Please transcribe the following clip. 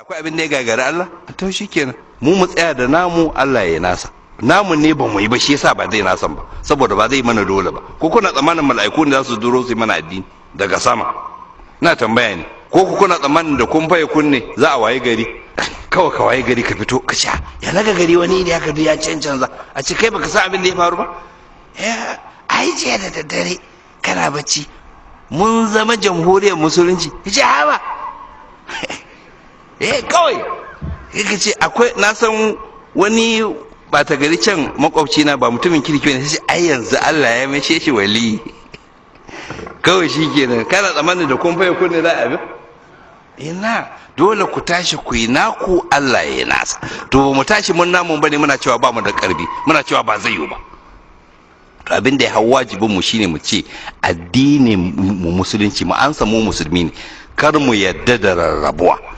akwai abin da ya gagari Allah to kenan mu mu tsaya da namu Allah ya nasa namu ne ba mu yi ba shi yasa ba zai nasan ba saboda ba zai mana dole ba ko kuna tsammanin mala'iku ne za su duro su mana addini daga sama na tambaya ne ko ku kuna tsammanin da kun faye kunne za a waye gari kawai ka waye gari ka fito ka sha ya naga gari wani ne aka ya cancanza a ce kai baka san abin da ya faru ba eh ai jiya da daddare kana bacci mun zama jamhuriyar musulunci ya ce haba eh kawai kika ce akwai na san wani bata gari can makwabci na ba mutumin kirki ne sai ai yanzu Allah ya mace shi wali kawai shi kenan kana tsammanin da kun fayi kunne za a bi ina dole ku tashi ku yi naku Allah ya nasa to mu tashi mun namun bane muna cewa ba mu da karbi muna cewa ba zai yi ba to abin da ya hau wajibin mu shine mu ce addinin mu musulunci mu an samu musulmi ne kar mu yadda da rarrabuwa